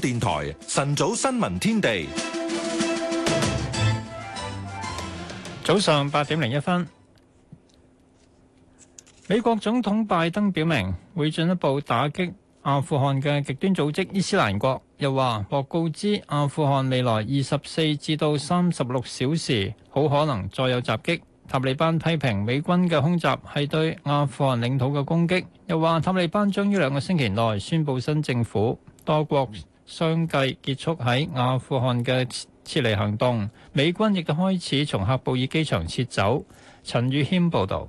電台晨早新聞天地，早上八點零一分，美國總統拜登表明會進一步打擊阿富汗嘅極端組織伊斯蘭國，又話獲告知阿富汗未來二十四至到三十六小時好可能再有襲擊。塔利班批評美軍嘅空襲係對阿富汗領土嘅攻擊，又話塔利班將於兩個星期內宣布新政府。多國。相繼結束喺阿富汗嘅撤離行動，美軍亦都開始從喀布爾機場撤走。陳宇軒報導。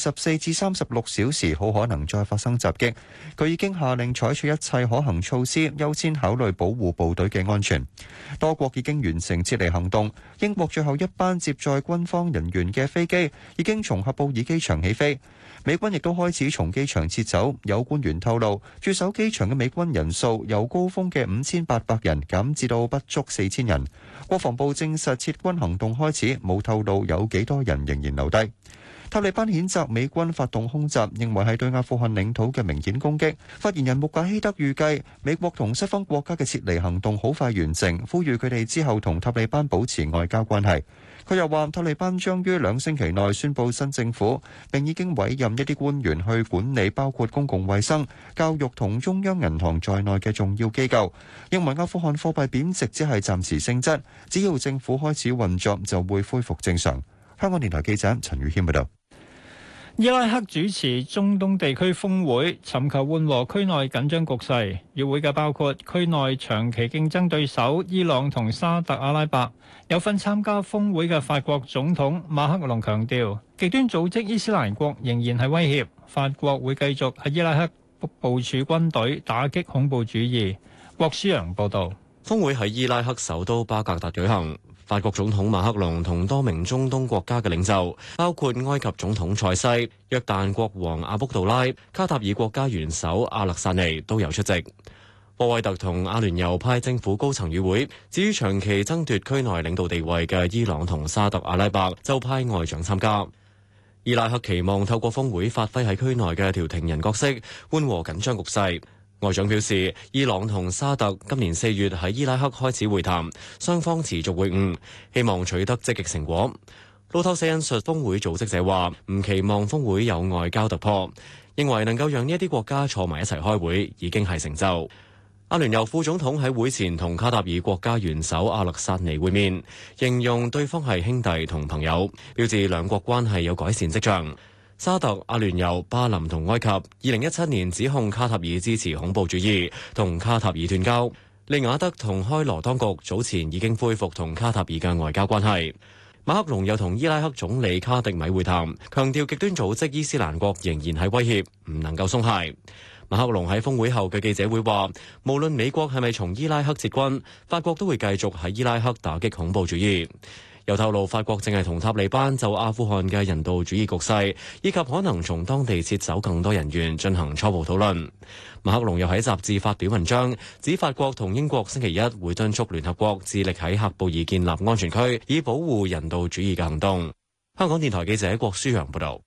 十四至三十六小時，好可能再發生襲擊。佢已經下令採取一切可行措施，優先考慮保護部隊嘅安全。多國已經完成撤離行動。英國最後一班接載軍方人員嘅飛機已經從喀布爾機場起飛。美軍亦都開始從機場撤走。有官員透露，駐守機場嘅美軍人數由高峰嘅五千八百人減至到不足四千人。國防部證實撤軍行動開始，冇透露有幾多人仍然留低。塔利班譴責美軍發動空襲，認為係對阿富汗領土嘅明顯攻擊。發言人穆賈希德預計美國同西方國家嘅撤離行動好快完成，呼籲佢哋之後同塔利班保持外交關係。佢又話，塔利班將於兩星期內宣佈新政府，並已經委任一啲官員去管理包括公共衛生、教育同中央銀行在內嘅重要機構。認為阿富汗貨幣貶值只係暫時性質，只要政府開始運作就會恢復正常。香港電台記者陳宇軒報道。伊拉克主持中東地區峰會，尋求緩和區內緊張局勢。與會嘅包括區內長期競爭對手伊朗同沙特阿拉伯。有份參加峰會嘅法國總統馬克龍強調，極端組織伊斯蘭國仍然係威脅。法國會繼續喺伊拉克部署軍隊，打擊恐怖主義。郭思陽報道。峰會喺伊拉克首都巴格達舉行。法國總統馬克龍同多名中東國家嘅領袖，包括埃及總統塞西、約旦國王阿卜杜拉、卡塔爾國家元首阿勒薩尼都有出席。科威特同阿聯酋派政府高層與會。至於長期爭奪區內領導地位嘅伊朗同沙特阿拉伯，都派外長參加。伊拉克期望透過峰會發揮喺區內嘅調停人角色，緩和緊張局勢。外長表示，伊朗同沙特今年四月喺伊拉克開始會談，雙方持續會晤，希望取得積極成果。路透社引述峰會組織者話：唔期望峰會有外交突破，認為能夠讓呢一啲國家坐埋一齊開會已經係成就。阿聯酋副總統喺會前同卡塔爾國家元首阿勒薩尼會面，形容對方係兄弟同朋友，表示兩國關係有改善跡象。沙特、阿聯酋、巴林同埃及，二零一七年指控卡塔爾支持恐怖主義，同卡塔爾斷交。利雅德同開羅當局早前已經恢復同卡塔爾嘅外交關係。馬克龍又同伊拉克總理卡迪米會談，強調極端組織伊斯蘭國仍然係威脅，唔能夠鬆懈。馬克龍喺峰會後嘅記者會話，無論美國係咪從伊拉克撤軍，法國都會繼續喺伊拉克打擊恐怖主義。又透露，法國正係同塔利班就阿富汗嘅人道主義局勢，以及可能從當地撤走更多人員進行初步討論。馬克龍又喺雜誌發表文章，指法國同英國星期一會敦促聯合國致力喺喀布爾建立安全區，以保護人道主義嘅行動。香港電台記者郭舒揚報道，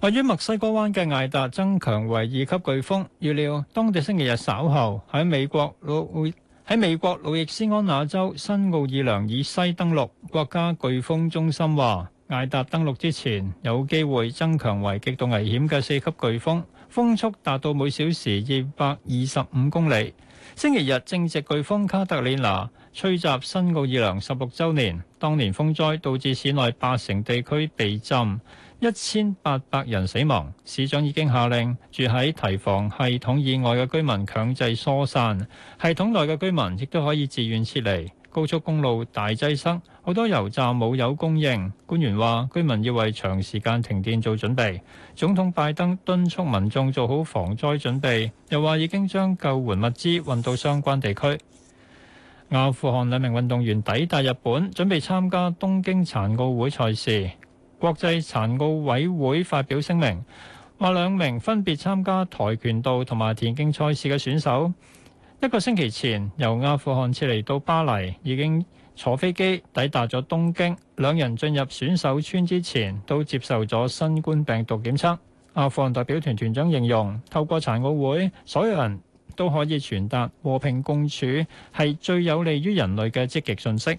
位於墨西哥灣嘅艾達增強為二級颶風，預料當地星期日稍後喺美國會。喺美國路易斯安那州新奧爾良以西登陸，國家颶風中心話，艾達登陸之前有機會增強為極度危險嘅四級颶風，風速達到每小時二百二十五公里。星期日正值颶風卡特里娜吹襲新奧爾良十六週年，當年風災導致市內八成地區被浸。一千八百人死亡，市長已經下令住喺提防系統以外嘅居民強制疏散，系統內嘅居民亦都可以自願撤離。高速公路大擠塞，好多油站冇油供應。官員話，居民要為長時間停電做準備。總統拜登敦促民眾做好防災準備，又話已經將救援物資運到相關地區。阿富汗兩名運動員抵達日本，準備參加東京殘奧會賽事。國際殘奧委會發表聲明，話兩名分別參加跆拳道同埋田徑賽事嘅選手，一個星期前由阿富汗撤離到巴黎，已經坐飛機抵達咗東京。兩人進入選手村之前都接受咗新冠病毒檢測。阿富汗代表團團長形容，透過殘奧會，所有人都可以傳達和平共處係最有利於人類嘅積極信息。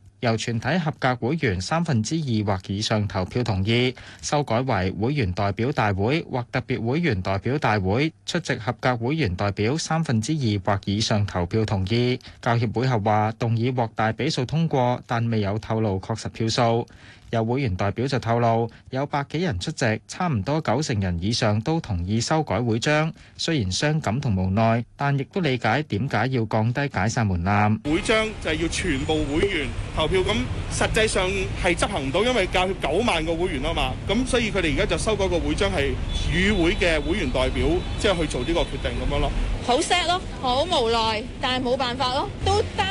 由全體合格會員三分之二或以上投票同意，修改為會員代表大會或特別會員代表大會出席合格會員代表三分之二或以上投票同意。教協會合話動議獲大比數通過，但未有透露確實票數。有會員代表就透露，有百幾人出席，差唔多九成人以上都同意修改會章。雖然傷感同無奈，但亦都理解點解要降低解散門檻。會章就係要全部會員投票，咁實際上係執行唔到，因為教協九萬個會員啊嘛，咁所以佢哋而家就修改個會章係與會嘅會員代表即係、就是、去做呢個決定咁樣咯。好 sad 咯，好無奈，但係冇辦法咯，都得。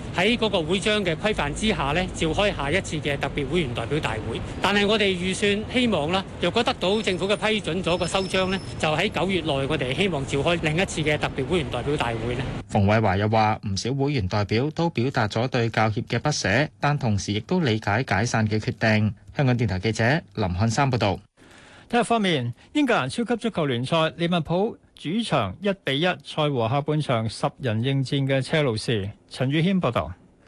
喺嗰個會章嘅規範之下呢，召開下一次嘅特別會員代表大會。但係我哋預算希望咧，若果得到政府嘅批准，咗個收章呢，就喺九月內我哋希望召開另一次嘅特別會員代表大會呢，馮偉華又話：唔少會員代表都表達咗對教協嘅不捨，但同時亦都理解解散嘅決定。香港電台記者林漢山報道：「體育方面，英格蘭超級足球聯賽利物浦，主場一比一，賽和下半場十人應戰嘅車路士，陳宇軒報道。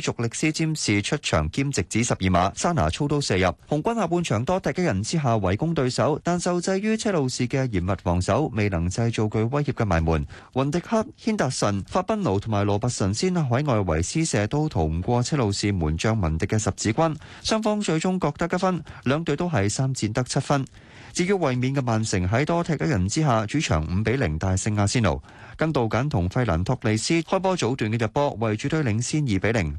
逐力斯占士出場兼直指十二碼，沙拿操刀射入。紅軍下半場多踢一人之下圍攻對手，但受制於車路士嘅嚴密防守，未能製造具威脅嘅埋門。雲迪克、軒達臣、法賓奴同埋羅伯神仙喺外圍施射都逃唔過車路士門將文迪嘅十指關。雙方最終各得一分，兩隊都係三戰得七分。至於衛冕嘅曼城喺多踢一人之下主場五比零大勝阿仙奴，根道簡同費蘭托利斯開波早段嘅入波為主隊領先二比零。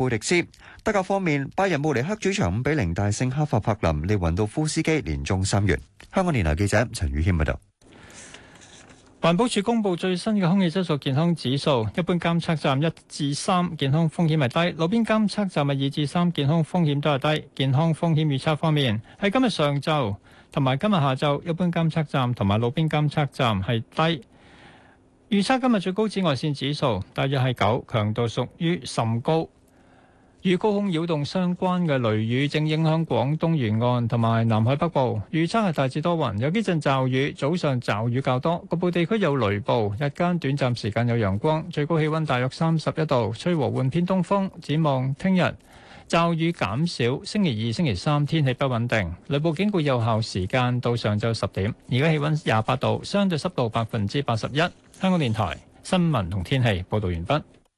貝迪斯德甲方面，拜仁慕尼黑主場五比零大勝黑法柏林，利雲道夫斯基連中三元。香港電台記者陳宇謙報道。環保署公布最新嘅空氣質素健康指數，一般監測站一至三健康風險係低，路邊監測站係二至三健康風險都係低。健康風險預測方面，喺今日上晝同埋今日下晝，一般監測站同埋路邊監測站係低。預測今日最高紫外線指數大約係九，強度屬於甚高。與高空擾動相關嘅雷雨正影響廣東沿岸同埋南海北部，預測係大致多雲，有幾陣驟雨，早上驟雨較多，局部地區有雷暴，日間短暫時間有陽光，最高氣温大約三十一度，吹和緩偏東風，展望聽日驟雨減少，星期二、星期三天氣不穩定，雷暴警告有效時間到上晝十點，而家氣温廿八度，相對濕度百分之八十一。香港電台新聞同天氣報導完畢。